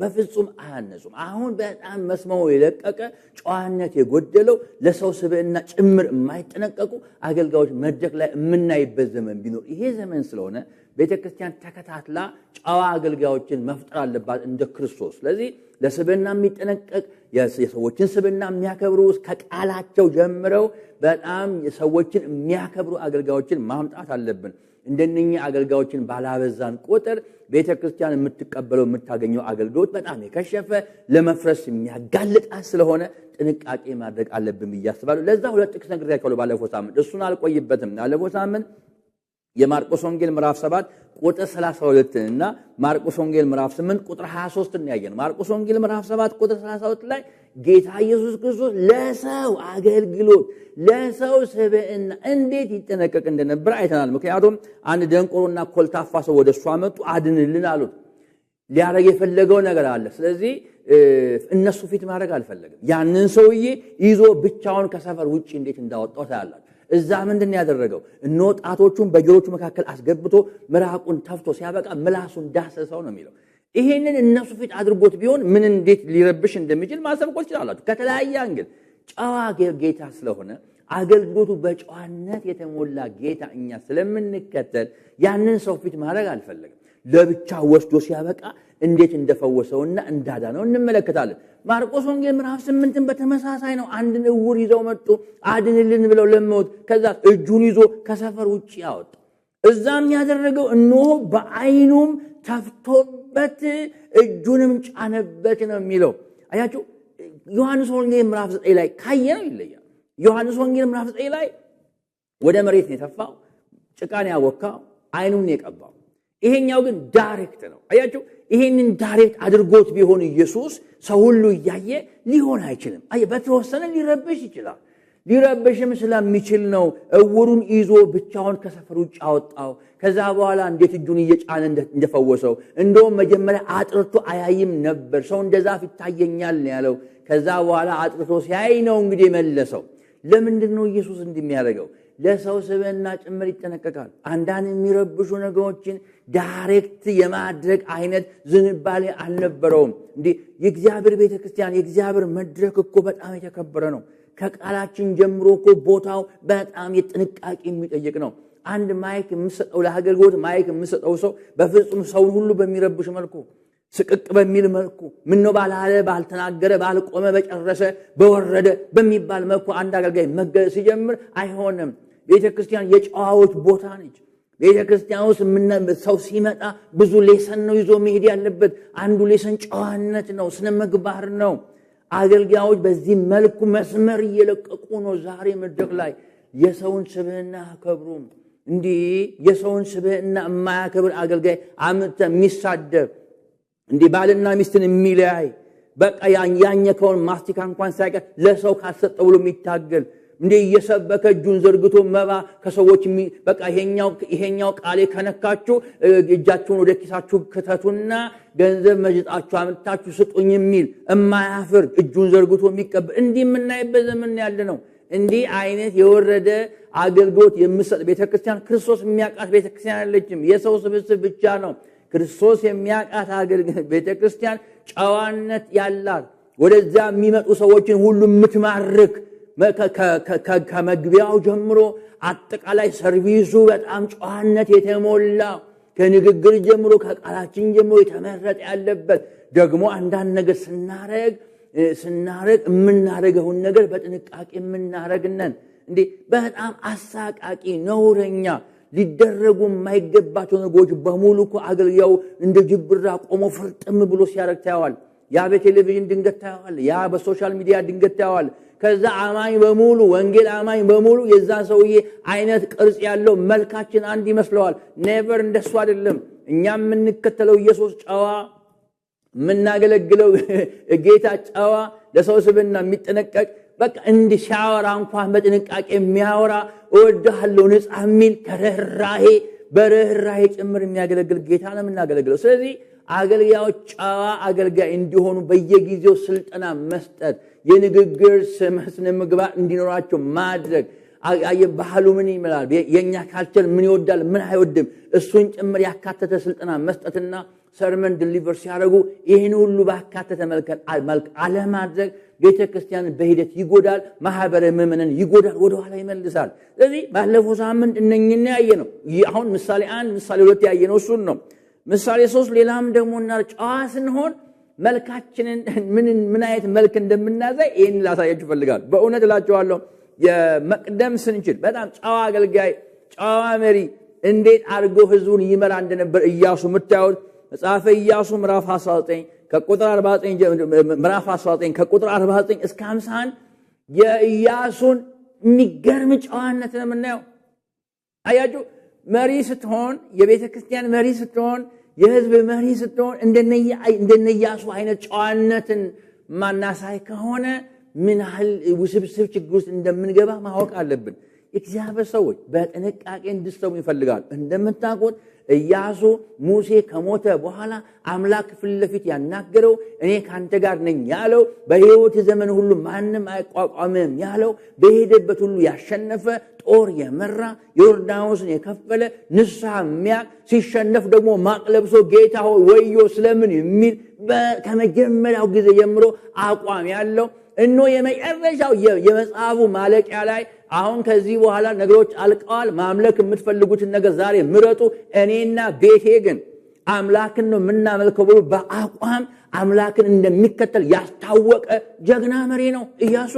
በፍጹም አያነጹም። አሁን በጣም መስመው የለቀቀ ጨዋነት የጎደለው ለሰው ስብዕና ጭምር የማይጠነቀቁ አገልጋዮች መድረክ ላይ የምናይበት ዘመን ቢኖር ይሄ ዘመን ስለሆነ ቤተ ክርስቲያን ተከታትላ ጨዋ አገልጋዮችን መፍጠር አለባት እንደ ክርስቶስ። ስለዚህ ለስብዕና የሚጠነቀቅ የሰዎችን ስብዕና የሚያከብሩ ከቃላቸው ጀምረው በጣም ሰዎችን የሚያከብሩ አገልጋዮችን ማምጣት አለብን። እንደነኛ አገልጋዮችን ባላበዛን ቁጥር ቤተ ክርስቲያን የምትቀበለው የምታገኘው አገልግሎት በጣም የከሸፈ ለመፍረስ የሚያጋልጣ ስለሆነ ጥንቃቄ ማድረግ አለብን ብዬ አስባለሁ። ለዛ ሁለት ጥቅስ ነግሬያቸዋለሁ ባለፈው ሳምንት፣ እሱን አልቆይበትም። ባለፈው ሳምንት የማርቆስ ወንጌል ምዕራፍ 7 ቁጥር 32 እና ማርቆስ ወንጌል ምዕራፍ 8 ቁጥር 23 እናያየን። ማርቆስ ወንጌል ምዕራፍ 7 ቁጥር 32 ላይ ጌታ ኢየሱስ ክርስቶስ ለሰው አገልግሎት ለሰው ስብዕና እንዴት ይጠነቀቅ እንደነበር አይተናል። ምክንያቱም አንድ ደንቆሮና ኮልታፋ ሰው ወደ እሱ አመጡ፣ አድንልን አሉት። ሊያደረግ የፈለገው ነገር አለ። ስለዚህ እነሱ ፊት ማድረግ አልፈለግም። ያንን ሰውዬ ይዞ ብቻውን ከሰፈር ውጭ እንዴት እንዳወጣው ታያላል። እዛ ምንድን ያደረገው እነ ጣቶቹን በጆሮቹ መካከል አስገብቶ ምራቁን ተፍቶ ሲያበቃ ምላሱን ዳሰሰው ነው የሚለው ይሄንን እነሱ ፊት አድርጎት ቢሆን ምን እንዴት ሊረብሽ እንደሚችል ማሰብ እኮ ትችላላችሁ። ከተለያየ አንግል ጨዋ ጌታ ስለሆነ አገልግሎቱ በጨዋነት የተሞላ ጌታ እኛ ስለምንከተል ያንን ሰው ፊት ማድረግ አልፈለግም። ለብቻ ወስዶ ሲያበቃ እንዴት እንደፈወሰውና እንዳዳነው እንመለከታለን። ማርቆስ ወንጌል ምዕራፍ ስምንትን በተመሳሳይ ነው። አንድን እውር ይዘው መጡ፣ አድንልን ብለው ለመውት ከዛ እጁን ይዞ ከሰፈር ውጭ ያወጡ እዛም ያደረገው እነሆ በዓይኑም ከፍቶበት እጁንም ጫነበት ነው የሚለው። አያችሁ ዮሐንስ ወንጌል ምራፍ ዘጠኝ ላይ ካየ ነው ይለያል። ዮሐንስ ወንጌል ምራፍ ዘጠኝ ላይ ወደ መሬት የተፋው፣ ጭቃን ያቦካው፣ አይኑን የቀባው። ይሄኛው ግን ዳይሬክት ነው። አያችሁ ይሄንን ዳይሬክት አድርጎት ቢሆን ኢየሱስ ሰው ሁሉ እያየ ሊሆን አይችልም። በተወሰነ ሊረብሽ ይችላል። ሊረብሽም ስለሚችል ነው እውሩን ይዞ ብቻውን ከሰፈር ውጭ አወጣው። ከዛ በኋላ እንዴት እጁን እየጫነ እንደፈወሰው እንደውም መጀመሪያ አጥርቶ አያይም ነበር። ሰው እንደ ዛፍ ይታየኛል ነው ያለው። ከዛ በኋላ አጥርቶ ሲያይ ነው እንግዲህ መለሰው። ለምንድን ነው ኢየሱስ እንደሚያደርገው? ለሰው ስብዕና ጭምር ይጠነቀቃል። አንዳንድ የሚረብሹ ነገሮችን ዳይሬክት የማድረግ አይነት ዝንባሌ አልነበረውም። እንዲህ የእግዚአብሔር ቤተ ክርስቲያን የእግዚአብሔር መድረክ እኮ በጣም የተከበረ ነው። ከቃላችን ጀምሮ እኮ ቦታው በጣም የጥንቃቄ የሚጠይቅ ነው። አንድ ማይክ የምሰጠው ለአገልግሎት ማይክ የምሰጠው ሰው በፍጹም ሰውን ሁሉ በሚረብሽ መልኩ ስቅቅ በሚል መልኩ ምነው ባላለ ባልተናገረ ባልቆመ በጨረሰ በወረደ በሚባል መልኩ አንድ አገልጋይ መገለጽ ሲጀምር አይሆንም። ቤተ ክርስቲያን የጨዋዎች ቦታ ነች። ቤተ ክርስቲያን ውስጥ ሰው ሲመጣ ብዙ ሌሰን ነው ይዞ መሄድ ያለበት። አንዱ ሌሰን ጨዋነት ነው፣ ስነ ምግባር ነው። አገልጋዮች በዚህ መልኩ መስመር እየለቀቁ ነው። ዛሬ መድረክ ላይ የሰውን ስብህና አከብሩም። እንዲህ የሰውን ስብዕና የማያከብር አገልጋይ አምጥተ የሚሳደብ እንዲህ ባልና ሚስትን የሚለያይ በቃ ያኘከውን ማስቲካ እንኳን ሳይቀር ለሰው ካሰጠ ብሎ የሚታገል እንዲህ እየሰበከ እጁን ዘርግቶ መባ ከሰዎች በቃ ይሄኛው ቃሌ ከነካችሁ እጃችሁን ወደ ኪሳችሁ ክተቱና ገንዘብ መጅጣችሁ አምጥታችሁ ስጡኝ የሚል እማያፍር እጁን ዘርግቶ የሚቀበል እንዲህ የምናይበት ዘመን ያለ ነው። እንዲህ አይነት የወረደ አገልግሎት የምሰጥ ቤተክርስቲያን ክርስቶስ የሚያውቃት ቤተክርስቲያን አለችም። የሰው ስብስብ ብቻ ነው። ክርስቶስ የሚያውቃት ቤተክርስቲያን ጨዋነት ያላት ወደዚያ የሚመጡ ሰዎችን ሁሉ የምትማርክ ከመግቢያው ጀምሮ አጠቃላይ ሰርቪሱ በጣም ጨዋነት የተሞላ ከንግግር ጀምሮ ከቃላችን ጀምሮ የተመረጠ ያለበት ደግሞ አንዳንድ ነገር ስናረግ ስናረግ የምናረገውን ነገር በጥንቃቄ የምናረግነን እንዴ በጣም አሳቃቂ ነውረኛ ሊደረጉ የማይገባቸው ነገሮች በሙሉ እኮ አገልጋዩ እንደ ጅብራ ቆሞ ፍርጥም ብሎ ሲያደርግ ታየዋል። ያ በቴሌቪዥን ድንገት ታየዋል። ያ በሶሻል ሚዲያ ድንገት ታየዋል። ከዛ አማኝ በሙሉ ወንጌል አማኝ በሙሉ የዛ ሰውዬ አይነት ቅርጽ ያለው መልካችን አንድ ይመስለዋል። ኔቨር እንደሱ አይደለም። እኛ የምንከተለው ኢየሱስ ጨዋ የምናገለግለው ጌታ ጨዋ፣ ለሰው ስብና የሚጠነቀቅ በቃ እንዲህ ሲያወራ እንኳን በጥንቃቄ የሚያወራ እወድሃለሁ ነጻ የሚል ከርኅራሄ በርኅራሄ ጭምር የሚያገለግል ጌታ ነው የምናገለግለው። ስለዚህ አገልጋዮች ጨዋ አገልጋይ እንዲሆኑ በየጊዜው ስልጠና መስጠት፣ የንግግር ስነ ምግባር እንዲኖራቸው ማድረግ ባህሉ ምን ይምላል፣ የእኛ ካልቸር ምን ይወዳል፣ ምን አይወድም፣ እሱን ጭምር ያካተተ ስልጠና መስጠትና ሰርመን ድሊቨር ሲያደርጉ ይህን ሁሉ ባካተተ መልክ አለማድረግ ቤተ ክርስቲያንን በሂደት ይጎዳል፣ ማህበረ ምዕመንን ይጎዳል፣ ወደኋላ ይመልሳል። ስለዚህ ባለፈው ሳምንት እነኝና ያየ ነው። አሁን ምሳሌ አንድ ምሳሌ ሁለት ያየ ነው። እሱን ነው ምሳሌ ሶስት ሌላም ደግሞ እና ጨዋ ስንሆን መልካችንን ምን አይነት መልክ እንደምናዘይ ይህን ላሳያችሁ ይፈልጋል። በእውነት እላቸዋለሁ የመቅደም ስንችል በጣም ጨዋ አገልጋይ፣ ጨዋ መሪ እንዴት አድርጎ ህዝቡን ይመራ እንደነበር እያሱ የምታዩት መጽሐፈ ኢያሱ ምዕራፍ 19 ከቁጥር 49 ምዕራፍ 19 ከቁጥር 49 እስከ 51 የኢያሱን የሚገርም ጨዋነት ነው የምናየው። አያችሁ መሪ ስትሆን፣ የቤተ ክርስቲያን መሪ ስትሆን፣ የህዝብ መሪ ስትሆን እንደነ ኢያሱ አይነት ጨዋነትን ማናሳይ ከሆነ ምን ያህል ውስብስብ ችግር ውስጥ እንደምንገባ ማወቅ አለብን። እግዚአብሔር ሰዎች በጥንቃቄ እንድሰሙ ይፈልጋል። እንደምታውቁት እያሱ ሙሴ ከሞተ በኋላ አምላክ ፊት ለፊት ያናገረው እኔ ከአንተ ጋር ነኝ ያለው በሕይወት ዘመን ሁሉ ማንም አይቋቋምም ያለው በሄደበት ሁሉ ያሸነፈ ጦር የመራ ዮርዳኖስን የከፈለ ንስሐ የሚያቅ ሲሸነፍ ደግሞ ማቅ ለብሶ ጌታ ሆይ ወዮ ስለምን የሚል ከመጀመሪያው ጊዜ ጀምሮ አቋም ያለው እኖ የመጨረሻው የመጽሐፉ ማለቂያ ላይ አሁን ከዚህ በኋላ ነገሮች አልቀዋል። ማምለክ የምትፈልጉትን ነገር ዛሬ ምረጡ። እኔና ቤቴ ግን አምላክን ነው የምናመልከው ብሎ በአቋም አምላክን እንደሚከተል ያስታወቀ ጀግና መሪ ነው እያሱ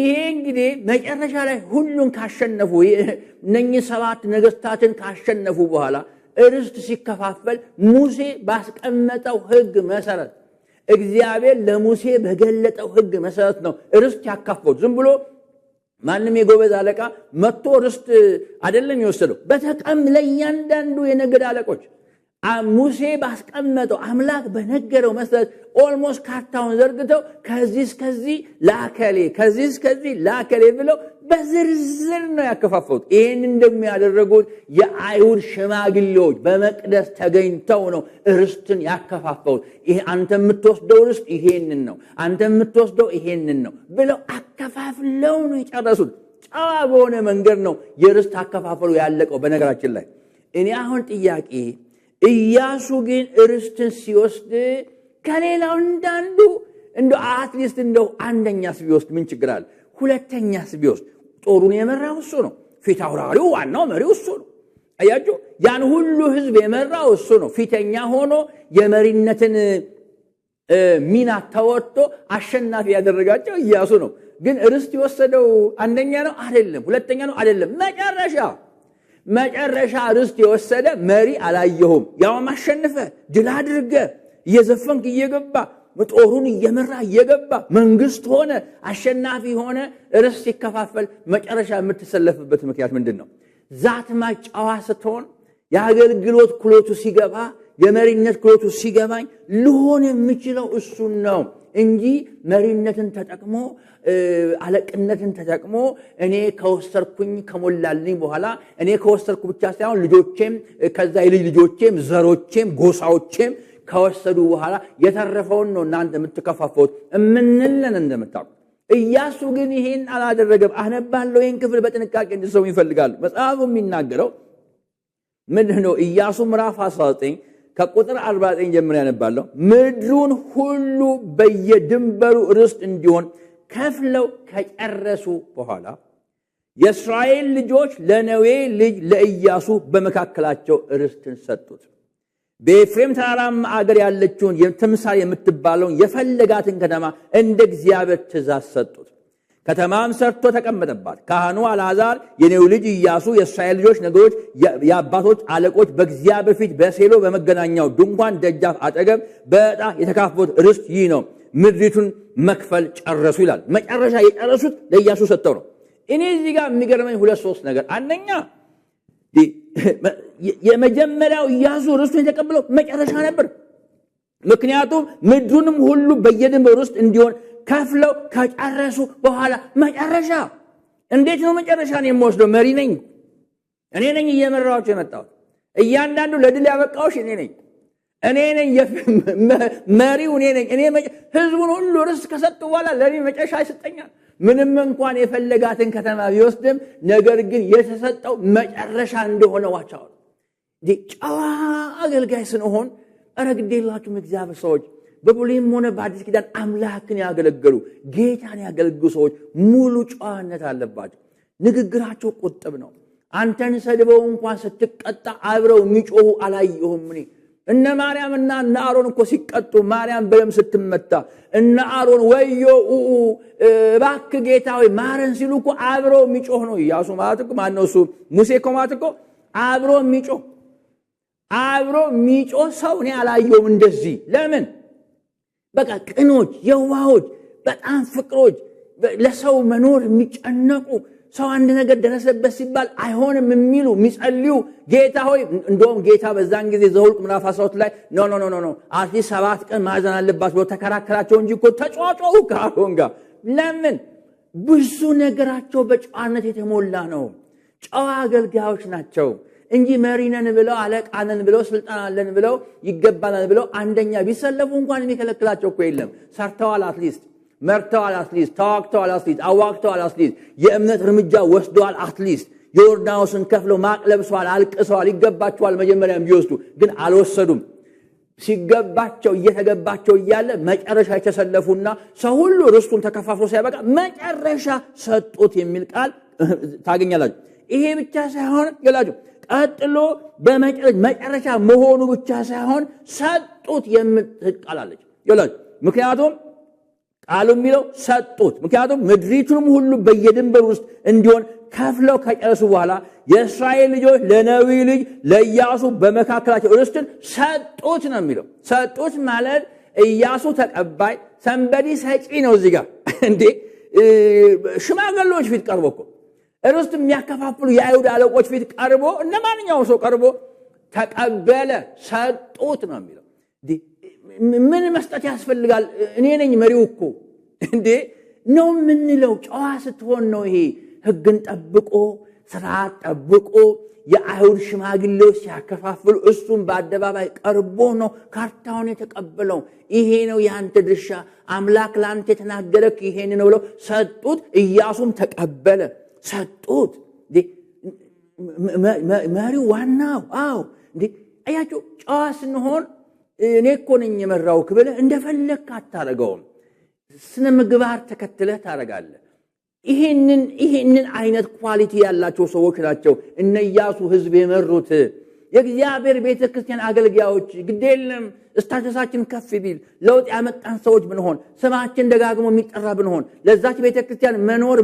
ይሄ እንግዲህ መጨረሻ ላይ ሁሉን ካሸነፉ እነኚህ ሰባት ነገስታትን ካሸነፉ በኋላ እርስት ሲከፋፈል ሙሴ ባስቀመጠው ሕግ መሰረት እግዚአብሔር ለሙሴ በገለጠው ህግ መሰረት ነው ርስት ያካፈው። ዝም ብሎ ማንም የጎበዝ አለቃ መጥቶ ርስት አይደለም የወሰደው። በተቀም ለእያንዳንዱ የነገድ አለቆች ሙሴ ባስቀመጠው አምላክ በነገረው መሰረት ኦልሞስት ካርታውን ዘርግተው ከዚህ እስከዚህ ላከሌ ከዚህ እስከዚህ ላከሌ ብለው በዝርዝር ነው ያከፋፈሉት። ይህን እንደሚያደረጉት የአይሁድ ሽማግሌዎች በመቅደስ ተገኝተው ነው እርስትን ያከፋፈሉት። ይሄ አንተ የምትወስደው ርስት ይሄንን ነው፣ አንተ የምትወስደው ይሄንን ነው ብለው አከፋፍለው ነው የጨረሱት። ጨዋ በሆነ መንገድ ነው የርስት አከፋፈሉ ያለቀው። በነገራችን ላይ እኔ አሁን ጥያቄ እያሱ ግን እርስትን ሲወስድ ከሌላው እንዳንዱ እንደ አትሊስት እንደው አንደኛ ቢወስድ ምን ችግር አለ? ሁለተኛ ስቢወስድ ጦሩን የመራው እሱ ነው። ፊት አውራሪው ዋናው መሪው እሱ ነው። አያችሁ፣ ያን ሁሉ ህዝብ የመራው እሱ ነው። ፊተኛ ሆኖ የመሪነትን ሚና ተወጥቶ አሸናፊ ያደረጋቸው እያሱ ነው። ግን ርስት የወሰደው አንደኛ ነው አይደለም፣ ሁለተኛ ነው አይደለም። መጨረሻ መጨረሻ ርስት የወሰደ መሪ አላየሁም። ያውም አሸንፈ ድል አድርገ እየዘፈንክ እየገባ ጦሩን እየመራ እየገባ መንግስት ሆነ አሸናፊ ሆነ። ርስ ሲከፋፈል መጨረሻ የምትሰለፍበት ምክንያት ምንድን ነው? ዛት ማጫዋ ስትሆን የአገልግሎት ክሎቱ ሲገባ የመሪነት ክሎቱ ሲገባኝ ልሆን የምችለው እሱን ነው እንጂ መሪነትን ተጠቅሞ አለቅነትን ተጠቅሞ እኔ ከወሰርኩኝ ከሞላልኝ በኋላ እኔ ከወሰርኩ ብቻ ሳይሆን ልጆቼም ከዛ የልጅ ልጆቼም ዘሮቼም ጎሳዎቼም ከወሰዱ በኋላ የተረፈውን ነው እናንተ የምትከፋፈት እምንለን እንደምታውቁ። እያሱ ግን ይህን አላደረገም። አነባለው ይህን ክፍል በጥንቃቄ እንድትሰሙ ይፈልጋሉ። መጽሐፉ የሚናገረው ምንድን ነው? እያሱ ምራፍ 19 ከቁጥር 49 ጀምሮ ያነባለው ምድሩን ሁሉ በየድንበሩ ርስት እንዲሆን ከፍለው ከጨረሱ በኋላ የእስራኤል ልጆች ለነዌ ልጅ ለእያሱ በመካከላቸው ርስትን ሰጡት። በኤፍሬም ተራራማ አገር ያለችውን ተምሳሌ የምትባለውን የፈለጋትን ከተማ እንደ እግዚአብሔር ትእዛዝ ሰጡት። ከተማም ሰርቶ ተቀመጠባት። ካህኑ አልዓዛር፣ የኔው ልጅ ኢያሱ፣ የእስራኤል ልጆች ነገሮች የአባቶች አለቆች በእግዚአብሔር ፊት በሴሎ በመገናኛው ድንኳን ደጃፍ አጠገብ በዕጣ የተካፈሉት ርስት ይህ ነው። ምድሪቱን መክፈል ጨረሱ ይላል። መጨረሻ የጨረሱት ለኢያሱ ሰጥተው ነው። እኔ እዚህ ጋር የሚገርመኝ ሁለት ሶስት ነገር አንደኛ የመጀመሪያው ያዙ ርስቱን የተቀበለው መጨረሻ ነበር። ምክንያቱም ምድሩንም ሁሉ በየድንበር ውስጥ እንዲሆን ከፍለው ከጨረሱ በኋላ መጨረሻ እንዴት ነው መጨረሻ የምወስደው? መሪ ነኝ እኔ ነኝ እየመራኋቸው የመጣሁት። እያንዳንዱ ለድል ያበቃዎች እኔ ነኝ እኔ ነኝ መሪው እኔ ነኝ። እኔ ህዝቡን ሁሉ ርስት ከሰጡ በኋላ ለእኔ መጨረሻ ይሰጠኛል። ምንም እንኳን የፈለጋትን ከተማ ቢወስድም ነገር ግን የተሰጠው መጨረሻ እንደሆነ ዋቻዋል። ጨዋ አገልጋይ ስንሆን ረ ግድ እግዚአብሔር ሰዎች በብሉይም ሆነ በአዲስ ኪዳን አምላክን ያገለገሉ ጌታን ያገለግሉ ሰዎች ሙሉ ጨዋነት አለባቸው። ንግግራቸው ቁጥብ ነው። አንተን ሰድበው እንኳን ስትቀጣ አብረው የሚጮሁ አላየሁም እኔ። እነ ማርያምና እነ አሮን እኮ ሲቀጡ ማርያም በደም ስትመታ እነ አሮን ወዮ ባክ ጌታ ወይ ማረን ሲሉ እኮ አብረው የሚጮህ ነው። እያሱ ማለት እኮ ማነው እሱ ሙሴ እኮ ማለት እኮ አብሮ የሚጮህ አብሮ ሚጮ ሰው እኔ አላየውም። እንደዚህ ለምን በቃ ቅኖች፣ የዋሆች፣ በጣም ፍቅሮች፣ ለሰው መኖር የሚጨነቁ ሰው አንድ ነገር ደረሰበት ሲባል አይሆንም የሚሉ የሚጸልዩ ጌታ ሆይ እንደውም ጌታ በዛን ጊዜ ዘኍልቍ ምዕራፍ 12 ላይ ኖ ኖ ኖ ኖ አትሊስት ሰባት ቀን ማዘን አለባችሁ ብሎ ተከራከራቸው እንጂ እኮ ተጫጫው ከአሮን ጋር ለምን ብዙ ነገራቸው በጨዋነት የተሞላ ነው። ጨዋ አገልጋዮች ናቸው። እንጂ መሪነን ብለው አለቃነን ብለው ስልጣን አለን ብለው ይገባናል ብለው አንደኛ ቢሰለፉ እንኳን የሚከለክላቸው እኮ የለም። ሰርተዋል፣ አትሊስት መርተዋል፣ አትሊስት ተዋግተዋል፣ አትሊስት አዋግተዋል፣ አትሊስት የእምነት እርምጃ ወስደዋል፣ አትሊስት ዮርዳኖስን ከፍለው ማቅ ለብሰዋል፣ አልቅሰዋል። ይገባቸዋል መጀመሪያም ቢወስዱ ግን አልወሰዱም። ሲገባቸው እየተገባቸው እያለ መጨረሻ የተሰለፉና ሰው ሁሉ ርስቱን ተከፋፍሎ ሲያበቃ መጨረሻ ሰጡት የሚል ቃል ታገኛላችሁ። ይሄ ብቻ ሳይሆን ገላችሁ ቀጥሎ መጨረሻ መሆኑ ብቻ ሳይሆን ሰጡት የምትቃላለች ይላል። ምክንያቱም ቃሉ የሚለው ሰጡት። ምክንያቱም ምድሪቱንም ሁሉ በየድንበር ውስጥ እንዲሆን ከፍለው ከጨረሱ በኋላ የእስራኤል ልጆች ለነዊ ልጅ ለኢያሱ በመካከላቸው ርስትን ሰጡት ነው የሚለው። ሰጡት ማለት እያሱ ተቀባይ ሰንበዲ ሰጪ ነው። እዚህ ጋር እንዴ ሽማገሎች ፊት ቀርቦ እኮ ርስት የሚያከፋፍሉ የአይሁድ አለቆች ፊት ቀርቦ እነ ማንኛውም ሰው ቀርቦ ተቀበለ፣ ሰጡት ነው የሚለው። ምን መስጠት ያስፈልጋል? እኔ ነኝ መሪው እኮ እንዴ ነው የምንለው። ጨዋ ስትሆን ነው ይሄ ህግን ጠብቆ ስርዓት ጠብቆ የአይሁድ ሽማግሌዎች ሲያከፋፍሉ እሱም በአደባባይ ቀርቦ ነው ካርታውን የተቀበለው። ይሄ ነው የአንተ ድርሻ፣ አምላክ ለአንተ የተናገረክ ይሄን ነው ብለው ሰጡት። ኢያሱም ተቀበለ። ሰጡት። መሪው ዋናው አዎ። እንዴ አያቸው ጨዋ ስንሆን እኔ እኮ ነኝ የመራውክ ብለህ እንደፈለግክ አታረገውም። ስነ ምግባር ተከትለህ ታረጋለህ። ይህንን አይነት ኳሊቲ ያላቸው ሰዎች ናቸው እነ ኢያሱ ህዝብ የመሩት። የእግዚአብሔር ቤተ ክርስቲያን አገልጋዮች ግድ እስታተሳችን ከፍ ቢል ለውጥ ያመጣን ሰዎች ብንሆን ስማችን ደጋግሞ የሚጠራ ብንሆን ለዛች ቤተ ክርስቲያን መኖር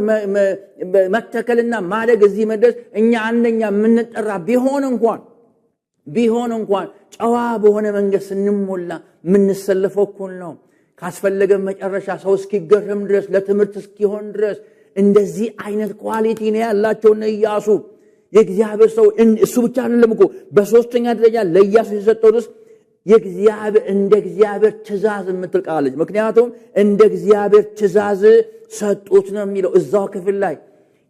መተከልና ማደግ እዚህ መድረስ እኛ አንደኛ የምንጠራ ቢሆን እንኳን ቢሆን እንኳን ጨዋ በሆነ መንገድ ስንሞላ የምንሰለፈው እኩል ነው። ካስፈለገ መጨረሻ ሰው እስኪገርም ድረስ ለትምህርት እስኪሆን ድረስ እንደዚህ አይነት ኳሊቲ ነው ያላቸውን ኢያሱ የእግዚአብሔር ሰው እሱ ብቻ አይደለም እኮ በሶስተኛ ደረጃ ለኢያሱ የሰጠው ርስ የእግዚአብሔር እንደ እግዚአብሔር ትእዛዝ የምትል ቃለች። ምክንያቱም እንደ እግዚአብሔር ትእዛዝ ሰጡት ነው የሚለው እዛው ክፍል ላይ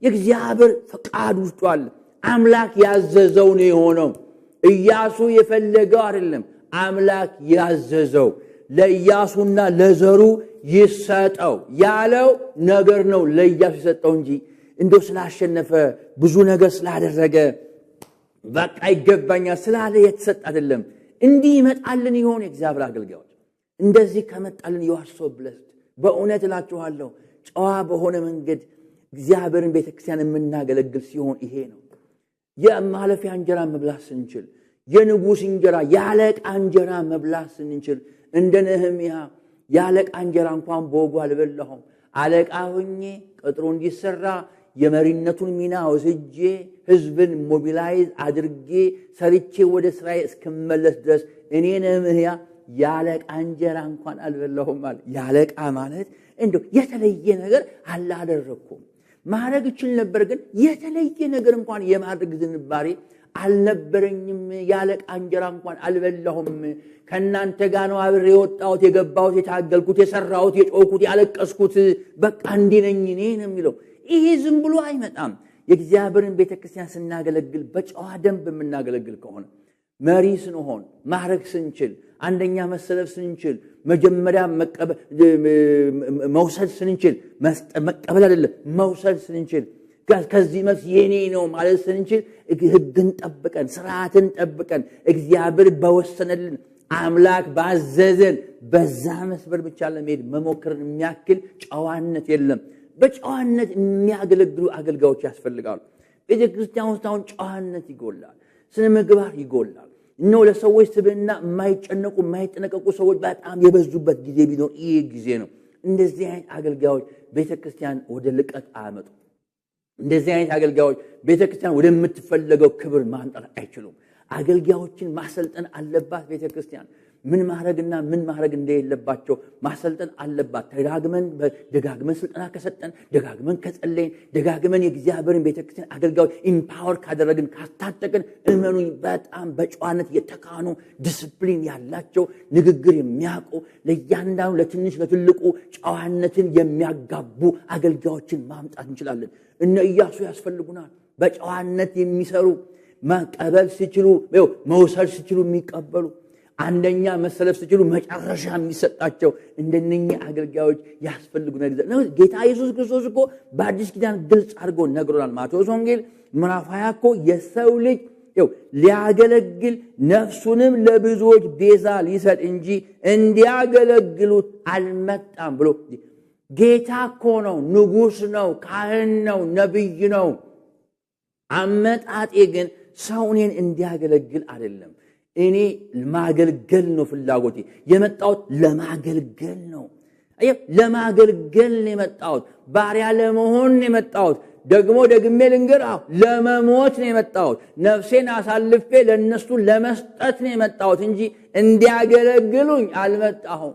የእግዚአብሔር ፈቃድ ውስጡ አለ። አምላክ ያዘዘው ነው የሆነው። እያሱ የፈለገው አይደለም፣ አምላክ ያዘዘው ለእያሱና ለዘሩ ይሰጠው ያለው ነገር ነው ለእያሱ የሰጠው እንጂ እንደው ስላሸነፈ ብዙ ነገር ስላደረገ በቃ ይገባኛል ስላለ የተሰጥ አይደለም። እንዲህ ይመጣልን ይሆን? የእግዚአብሔር አገልጋዮች እንደዚህ ከመጣልን ዩአርሶ ብለስድ። በእውነት እላችኋለሁ ጨዋ በሆነ መንገድ እግዚአብሔርን ቤተክርስቲያን የምናገለግል ሲሆን ይሄ ነው የማለፊያ እንጀራ መብላት ስንችል፣ የንጉሥ እንጀራ የአለቃ እንጀራ መብላት ስንችል እንደ ነህምያ የአለቃ እንጀራ እንኳን በወጉ አልበላሁም አለቃ ሆኜ ቅጥሩ እንዲሰራ የመሪነቱን ሚና ወስጄ ህዝብን ሞቢላይዝ አድርጌ ሰርቼ ወደ ስራዬ እስክመለስ ድረስ እኔ ነህምያ ያለቃ እንጀራ እንኳን አልበላሁም አለ። ያለቃ ማለት እንደው የተለየ ነገር አላደረግኩም። ማድረግ እችል ነበር፣ ግን የተለየ ነገር እንኳን የማድረግ ዝንባሬ አልነበረኝም። ያለቃ እንጀራ እንኳን አልበላሁም። ከእናንተ ጋር ነው አብሬ የወጣሁት፣ የገባሁት፣ የታገልኩት፣ የሰራሁት፣ የጮኩት፣ ያለቀስኩት። በቃ እንዲነኝ እኔ ነው የሚለው ይሄ ዝም ብሎ አይመጣም። የእግዚአብሔርን ቤተ ክርስቲያን ስናገለግል በጨዋ ደንብ የምናገለግል ከሆነ መሪ ስንሆን ማድረግ ስንችል አንደኛ መሰለፍ ስንችል መጀመሪያ መውሰድ ስንችል መቀበል አይደለም መውሰድ ስንችል ከዚህ መስ የኔ ነው ማለት ስንችል ህግን ጠብቀን ስርዓትን ጠብቀን እግዚአብሔር በወሰነልን አምላክ ባዘዘን በዛ መስበር ብቻ ለመሄድ መሞክርን የሚያክል ጨዋነት የለም። በጨዋነት የሚያገለግሉ አገልጋዮች ያስፈልጋሉ። ቤተ ክርስቲያን ውስጥ አሁን ጨዋነት ይጎላል፣ ስነ ምግባር ይጎላል። እነሆ ለሰዎች ስብዕና የማይጨነቁ የማይጠነቀቁ ሰዎች በጣም የበዙበት ጊዜ ቢኖር ይህ ጊዜ ነው። እንደዚህ አይነት አገልጋዮች ቤተ ክርስቲያን ወደ ልቀት አያመጡ። እንደዚህ አይነት አገልጋዮች ቤተ ክርስቲያን ወደምትፈለገው ክብር ማምጣት አይችሉም። አገልጋዮችን ማሰልጠን አለባት ቤተ ክርስቲያን። ምን ማድረግና ምን ማድረግ እንደሌለባቸው ማሰልጠን አለባት። ደጋግመን ደጋግመን ስልጠና ከሰጠን፣ ደጋግመን ከጸለይን፣ ደጋግመን የእግዚአብሔርን ቤተክርስቲያን አገልጋዮች ኢምፓወር ካደረግን፣ ካስታጠቅን፣ እመኑኝ በጣም በጨዋነት የተካኑ ዲስፕሊን ያላቸው ንግግር የሚያውቁ ለእያንዳንዱ ለትንሽ ለትልቁ ጨዋነትን የሚያጋቡ አገልጋዮችን ማምጣት እንችላለን። እነ እያሱ ያስፈልጉናል። በጨዋነት የሚሰሩ መቀበል ሲችሉ መውሰድ ሲችሉ የሚቀበሉ አንደኛ መሰለፍ ሲችሉ መጨረሻ የሚሰጣቸው እንደነኝ አገልጋዮች ያስፈልጉናል። ጌታ ኢየሱስ ክርስቶስ እኮ በአዲስ ኪዳን ግልጽ አድርጎ ነግሮናል። ማቴዎስ ወንጌል ምዕራፍ ሀያ እኮ የሰው ልጅ ሊያገለግል ነፍሱንም ለብዙዎች ቤዛ ሊሰጥ እንጂ እንዲያገለግሉት አልመጣም ብሎ ጌታ እኮ ነው፣ ንጉሥ ነው፣ ካህን ነው፣ ነቢይ ነው። አመጣጤ ግን ሰው እኔን እንዲያገለግል አይደለም። እኔ ማገልገል ነው ፍላጎቴ። የመጣሁት ለማገልገል ነው። ለማገልገል ነው የመጣሁት። ባሪያ ለመሆን ነው የመጣሁት። ደግሞ ደግሜ ልንገር፣ አዎ ለመሞት ነው የመጣሁት። ነፍሴን አሳልፌ ለእነሱ ለመስጠት ነው የመጣሁት እንጂ እንዲያገለግሉኝ አልመጣሁም።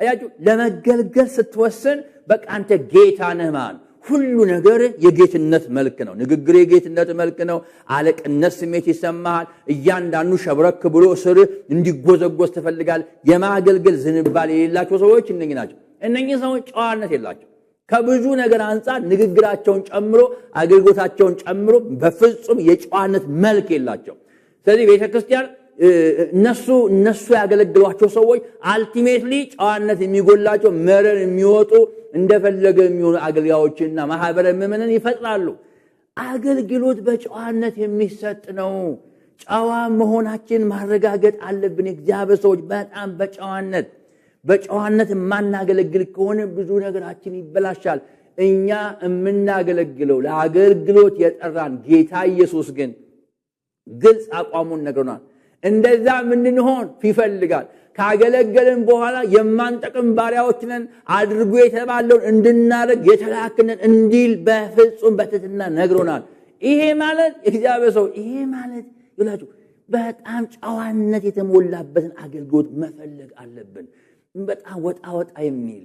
አያችሁ፣ ለመገልገል ስትወስን በቃ አንተ ጌታ ነህ ማለት ሁሉ ነገር የጌትነት መልክ ነው። ንግግር የጌትነት መልክ ነው። አለቅነት ስሜት ይሰማሃል። እያንዳንዱ ሸብረክ ብሎ ስር እንዲጎዘጎዝ ትፈልጋል። የማገልገል ዝንባሌ የሌላቸው ሰዎች እነኝ ናቸው። እነኚህ ሰዎች ጨዋነት የላቸው። ከብዙ ነገር አንጻር ንግግራቸውን ጨምሮ አገልግሎታቸውን ጨምሮ በፍጹም የጨዋነት መልክ የላቸው። ስለዚህ ቤተ ክርስቲያን እነሱ እነሱ ያገለግሏቸው ሰዎች አልቲሜትሊ ጨዋነት የሚጎላቸው መረን የሚወጡ እንደፈለገ የሚሆኑ አገልጋዮችና ማህበረ ምዕመናን ይፈጥራሉ። አገልግሎት በጨዋነት የሚሰጥ ነው። ጨዋ መሆናችን ማረጋገጥ አለብን። የእግዚአብሔር ሰዎች በጣም በጨዋነት በጨዋነት የማናገለግል ከሆነ ብዙ ነገራችን ይበላሻል። እኛ የምናገለግለው ለአገልግሎት የጠራን ጌታ ኢየሱስ ግን ግልጽ አቋሙን ነግሮናል። እንደዛ ምንንሆን ይፈልጋል። ካገለገልን በኋላ የማንጠቅም ባሪያዎች አድርጎ የተባለውን እንድናደርግ የተላክነን እንዲል በፍጹም በትትና ነግሮናል። ይሄ ማለት እግዚአብሔር ሰው ይሄ ማለት ይላችሁ በጣም ጨዋነት የተሞላበትን አገልግሎት መፈለግ አለብን። በጣም ወጣ ወጣ የሚል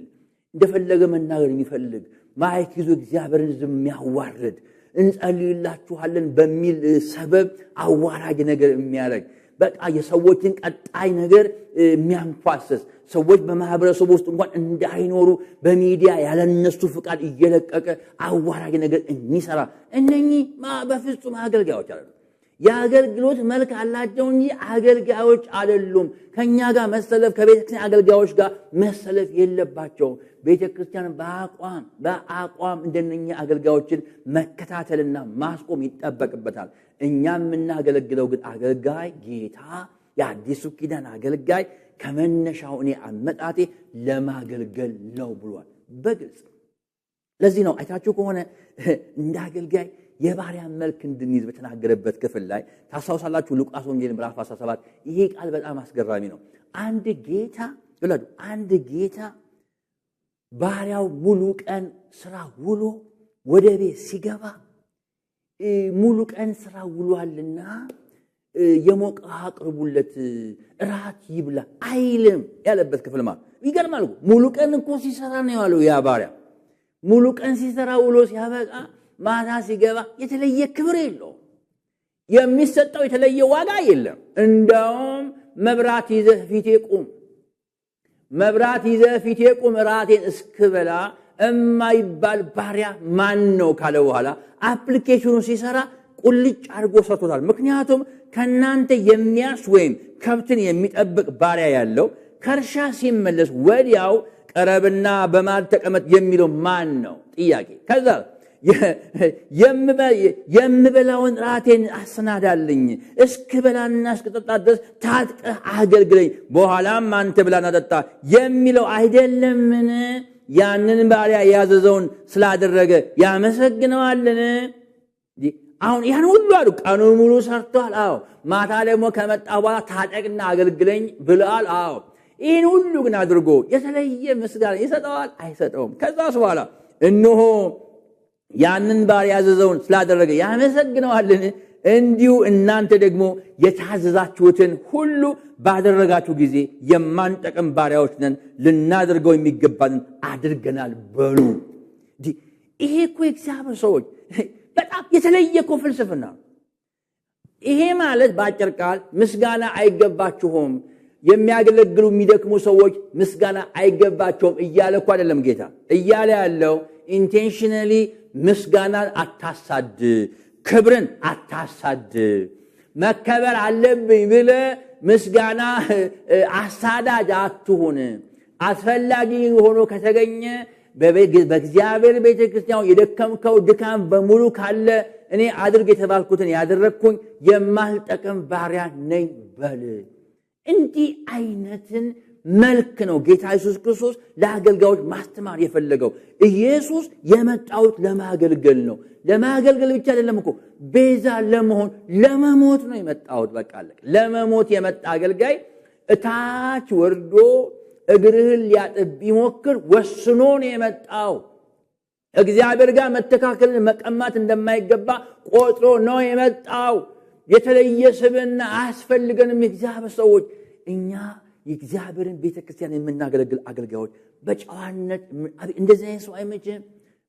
እንደፈለገ መናገር የሚፈልግ ማየት ይዞ እግዚአብሔርን ዝም የሚያዋርድ እንጸልይላችኋለን በሚል ሰበብ አዋራጅ ነገር የሚያደርግ በቃ የሰዎችን ቀጣይ ነገር የሚያንኳስስ ሰዎች በማህበረሰብ ውስጥ እንኳን እንዳይኖሩ በሚዲያ ያለነሱ ፍቃድ እየለቀቀ አዋራጅ ነገር የሚሰራ እነኚህ በፍጹም አገልጋዮች አለ የአገልግሎት መልክ አላቸው እንጂ አገልጋዮች አይደሉም። ከእኛ ጋር መሰለፍ ከቤተክርስቲያን አገልጋዮች ጋር መሰለፍ የለባቸውም። ቤተክርስቲያን በአቋም በአቋም እንደነኛ አገልጋዮችን መከታተልና ማስቆም ይጠበቅበታል። እኛ የምናገለግለው ግን አገልጋይ ጌታ የአዲሱ ኪዳን አገልጋይ ከመነሻው እኔ አመጣጤ ለማገልገል ነው ብሏል በግልጽ። ለዚህ ነው አይታችሁ ከሆነ እንደ አገልጋይ የባሪያን መልክ እንድንይዝ በተናገረበት ክፍል ላይ ታስታውሳላችሁ። ሉቃስ ወንጌል ምዕራፍ 17 ይሄ ቃል በጣም አስገራሚ ነው። አንድ ጌታ ይላሉ አንድ ጌታ ባሪያው ሙሉ ቀን ስራ ውሎ ወደ ቤት ሲገባ ሙሉ ቀን ስራ ውሏልና የሞቀ አቅርቡለት፣ እራት ይብላ አይልም ያለበት ክፍል ማለት ይገርማል። ሙሉ ቀን እኮ ሲሰራ ነው ያለው ያ ባሪያ ሙሉ ቀን ሲሰራ ውሎ ሲያበቃ ማታ ሲገባ የተለየ ክብር የለውም። የሚሰጠው የተለየ ዋጋ የለም። እንደውም መብራት ይዘ ፊቴ ቁም፣ መብራት ይዘ ፊቴ ቁም፣ እራቴን እስክበላ እማይባል ባሪያ ማን ነው ካለ በኋላ አፕሊኬሽኑ ሲሰራ ቁልጭ አድርጎ ሰጥቶታል። ምክንያቱም ከእናንተ የሚያርስ ወይም ከብትን የሚጠብቅ ባሪያ ያለው ከእርሻ ሲመለስ ወዲያው ቀረብና በማዕድ ተቀመጥ የሚለው ማን ነው? ጥያቄ ከዛ የምበላውን ራቴን አሰናዳልኝ፣ በላና እስክጠጣ ድረስ ታጥቀህ አገልግለኝ፣ በኋላም አንተ ብላና ጠጣ የሚለው አይደለምን? ያንን ባሪያ ያዘዘውን ስላደረገ ያመሰግነዋልን? አሁን ያን ሁሉ አሉ። ቀኑ ሙሉ ሰርቷል። አዎ። ማታ ደግሞ ከመጣ በኋላ ታጠቅና አገልግለኝ ብለዋል። አዎ። ይህን ሁሉ ግን አድርጎ የተለየ ምስጋና ይሰጠዋል? አይሰጠውም? ከዛስ በኋላ እንሆ ያንን ባሪያ ያዘዘውን ስላደረገ ያመሰግነዋልን? እንዲሁ እናንተ ደግሞ የታዘዛችሁትን ሁሉ ባደረጋችሁ ጊዜ የማንጠቅም ባሪያዎች ነን፣ ልናደርገው የሚገባንን አድርገናል በሉ። ይሄ እኮ የእግዚአብሔር ሰዎች በጣም የተለየ እኮ ፍልስፍና ይሄ ማለት በአጭር ቃል ምስጋና አይገባችሁም፣ የሚያገለግሉ የሚደክሙ ሰዎች ምስጋና አይገባቸውም እያለ እኮ አይደለም ጌታ እያለ ያለው ኢንቴንሽነሊ ምስጋናን አታሳድ፣ ክብርን አታሳድ። መከበር አለብኝ ብለ ምስጋና አሳዳጅ አትሁን። አስፈላጊ ሆኖ ከተገኘ በእግዚአብሔር ቤተ ክርስቲያን የደከምከው ድካም በሙሉ ካለ እኔ አድርግ የተባልኩትን ያደረግኩኝ የማልጠቅም ባሪያ ነኝ በል። እንዲህ አይነትን መልክ ነው ጌታ ኢየሱስ ክርስቶስ ለአገልጋዮች ማስተማር የፈለገው። ኢየሱስ የመጣውት ለማገልገል ነው። ለማገልገል ብቻ አይደለም እኮ ቤዛ ለመሆን ለመሞት ነው የመጣሁት። በቃ ለመሞት የመጣ አገልጋይ እታች ወርዶ እግርህን ሊያጥብ ቢሞክር ወስኖ ነው የመጣው። እግዚአብሔር ጋር መተካከልን መቀማት እንደማይገባ ቆጥሮ ነው የመጣው። የተለየ ስብና አያስፈልገንም። የእግዚአብሔር ሰዎች እኛ የእግዚአብሔርን ቤተ ክርስቲያን የምናገለግል አገልጋዮች በጨዋነት እንደዚህ አይነት ሰው አይመችም።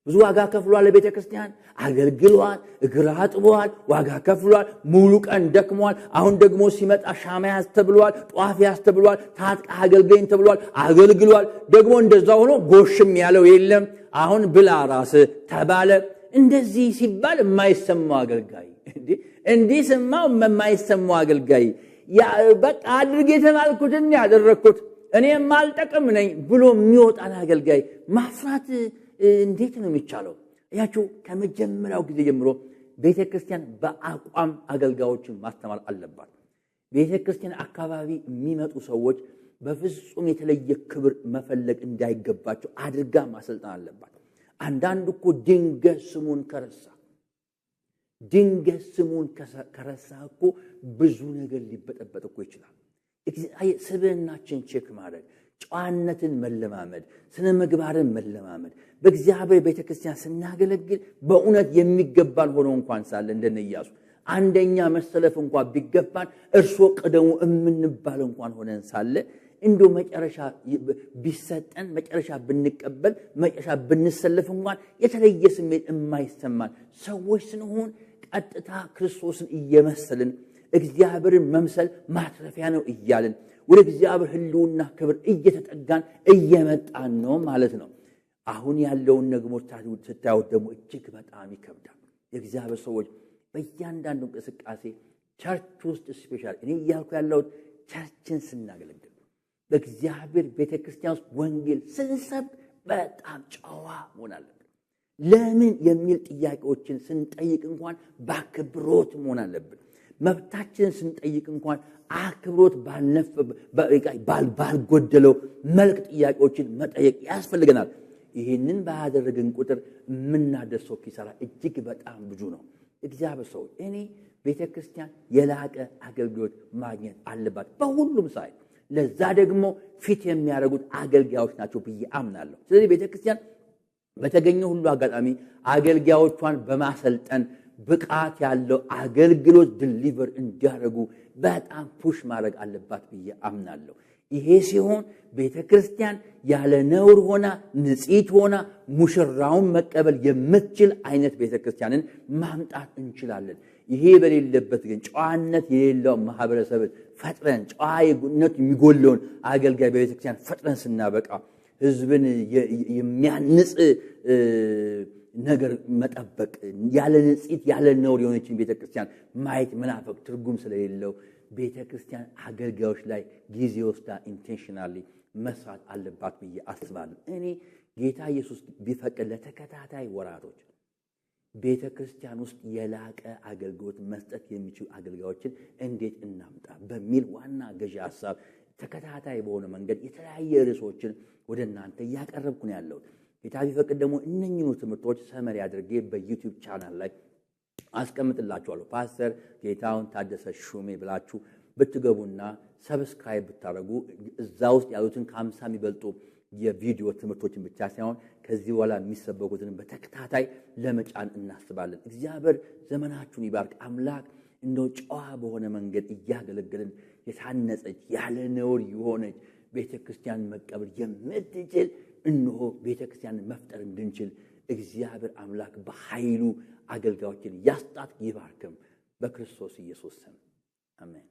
ብዙ ዋጋ ከፍሏል፣ ለቤተ ክርስቲያን አገልግሏል፣ እግር አጥቧል፣ ዋጋ ከፍሏል፣ ሙሉ ቀን ደክሟል። አሁን ደግሞ ሲመጣ ሻማ ያዝ ተብሏል፣ ጧፍ ያዝ ተብሏል፣ ታጥቃ አገልገኝ ተብሏል፣ አገልግሏል። ደግሞ እንደዛ ሆኖ ጎሽም ያለው የለም። አሁን ብላ ራስ ተባለ። እንደዚህ ሲባል የማይሰማው አገልጋይ እንዲህ ስማው የማይሰማው አገልጋይ በቃ አድርግ የተባልኩትን ያደረግኩት እኔ ማልጠቅም ነኝ ብሎ የሚወጣን አገልጋይ ማፍራት እንዴት ነው የሚቻለው? እያቸው ከመጀመሪያው ጊዜ ጀምሮ ቤተ ክርስቲያን በአቋም አገልጋዮችን ማስተማር አለባት። ቤተ ክርስቲያን አካባቢ የሚመጡ ሰዎች በፍጹም የተለየ ክብር መፈለግ እንዳይገባቸው አድርጋ ማሰልጠን አለባት። አንዳንድ እኮ ድንገት ስሙን ከረሳ ድንገት ስሙን ከረሳ እኮ ብዙ ነገር ሊበጠበጥ እኮ ይችላል። ስብህናችን ቼክ ማድረግ፣ ጨዋነትን መለማመድ፣ ስነ ምግባርን መለማመድ በእግዚአብሔር ቤተ ክርስቲያን ስናገለግል በእውነት የሚገባን ሆኖ እንኳን ሳለ እንደነ አንደኛ መሰለፍ እንኳ ቢገባን እርሶ ቅደሙ የምንባል እንኳን ሆነን ሳለ እንዶ መጨረሻ ቢሰጠን መጨረሻ ብንቀበል መጨረሻ ብንሰለፍ እንኳን የተለየ ስሜት የማይሰማን ሰዎች ስንሆን ቀጥታ ክርስቶስን እየመሰልን እግዚአብሔርን መምሰል ማትረፊያ ነው እያልን ወደ እግዚአብሔር ህልውና ክብር እየተጠጋን እየመጣን ነው ማለት ነው። አሁን ያለውን ደግሞ ስታዩት ደግሞ እጅግ በጣም ይከብዳል። የእግዚአብሔር ሰዎች በእያንዳንዱ እንቅስቃሴ ቸርች ውስጥ ስፔሻል እኔ እያልኩ ያለሁት ቸርችን ስናገለግል በእግዚአብሔር ቤተ ክርስቲያን ውስጥ ወንጌል ስንሰብክ በጣም ጨዋ መሆን ለምን የሚል ጥያቄዎችን ስንጠይቅ እንኳን በአክብሮት መሆን አለብን። መብታችንን ስንጠይቅ እንኳን አክብሮት ባልጎደለው መልክ ጥያቄዎችን መጠየቅ ያስፈልገናል። ይህንን ባያደረግን ቁጥር የምናደርሰው ኪሳራ እጅግ በጣም ብዙ ነው። እግዚአብሔር ሰው እኔ ቤተ ክርስቲያን የላቀ አገልግሎት ማግኘት አለባት በሁሉም ሳይ ለዛ ደግሞ ፊት የሚያደርጉት አገልጋዮች ናቸው ብዬ አምናለሁ። ስለዚህ ቤተ ክርስቲያን በተገኘ ሁሉ አጋጣሚ አገልጋዮቿን በማሰልጠን ብቃት ያለው አገልግሎት ድሊቨር እንዲያደርጉ በጣም ፑሽ ማድረግ አለባት ብዬ አምናለሁ። ይሄ ሲሆን ቤተ ክርስቲያን ያለ ነውር ሆና ንጽት ሆና ሙሽራውን መቀበል የምትችል አይነት ቤተ ክርስቲያንን ማምጣት እንችላለን። ይሄ በሌለበት ግን ጨዋነት የሌለው ማህበረሰብን ፈጥረን ጨዋነት የሚጎለውን አገልጋይ ቤተክርስቲያን ፈጥረን ስናበቃ ህዝብን የሚያንጽ ነገር መጠበቅ ያለ ንጽት ያለ ነውር የሆነችን ቤተ ክርስቲያን ማየት መናፈቅ ትርጉም ስለሌለው ቤተ ክርስቲያን አገልጋዮች ላይ ጊዜ ወስዳ ኢንቴንሽናሊ መስራት አለባት ብዬ አስባለሁ። እኔ ጌታ ኢየሱስ ቢፈቅድ ለተከታታይ ወራቶች ቤተ ክርስቲያን ውስጥ የላቀ አገልግሎት መስጠት የሚችሉ አገልጋዮችን እንዴት እናምጣ በሚል ዋና ገዢ ሀሳብ ተከታታይ በሆነ መንገድ የተለያየ ርዕሶችን ወደ እናንተ እያቀረብኩ ነው ያለሁት። ጌታ ቢፈቅድ ደግሞ እነኝኑ ትምህርቶች ሰመሪ አድርጌ በዩቲዩብ ቻናል ላይ አስቀምጥላችኋለሁ። ፓስተር ጌታውን ታደሰ ሹሜ ብላችሁ ብትገቡና ሰብስክራይብ ብታደርጉ እዛ ውስጥ ያሉትን ከአምሳ የሚበልጡ የቪዲዮ ትምህርቶችን ብቻ ሳይሆን ከዚህ በኋላ የሚሰበኩትን በተከታታይ ለመጫን እናስባለን። እግዚአብሔር ዘመናችሁን ይባርክ። አምላክ እንደው ጨዋ በሆነ መንገድ እያገለገልን የታነጸች ያለ ነውር የሆነች ቤተ ክርስቲያን መቀበል የምትችል እንሆ ቤተ ክርስቲያንን መፍጠር እንድንችል እግዚአብሔር አምላክ በኃይሉ አገልጋዮችን ያስጣት ይባርክም። በክርስቶስ ኢየሱስ ስም አሜን።